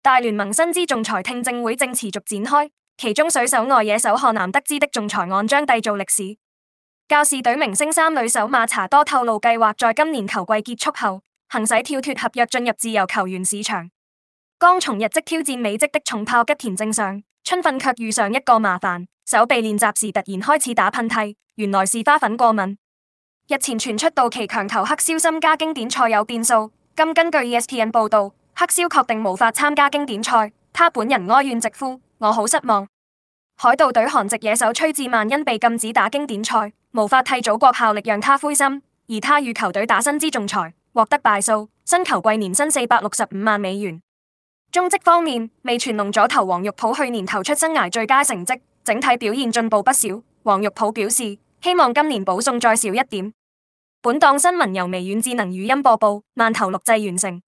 大聯盟薪資仲裁聽證會正持續展開，其中水手外野手漢南德茲的仲裁案將締造歷史。教士隊明星三壘手馬查多透露，計劃在今年球季結束後行使跳脫合約，進入自由球員市場。剛從日職挑戰美職的重炮吉田正尚，春訓卻遇上一個麻煩，手臂練習時突然開始打噴嚏，原來是花粉過敏。日前傳出道奇強投克肖參加經典賽有變數，今根據 ESPN 報道。黑燒確定無法參加經典賽，他本人哀怨直呼，我好失望。海盜隊韓籍野手崔志萬因被禁止打經典賽，無法替祖國效力，讓他灰心。而他與球隊打薪資仲裁，獲得敗訴，新球季年薪四百六十五萬美元。中職方面，味全龍左投王玉普去年投出生涯最佳成績，整體表現進步不少。王玉普表示，希望今年保送再少一點。本檔新聞由微軟智能語音播報，慢頭錄製完成。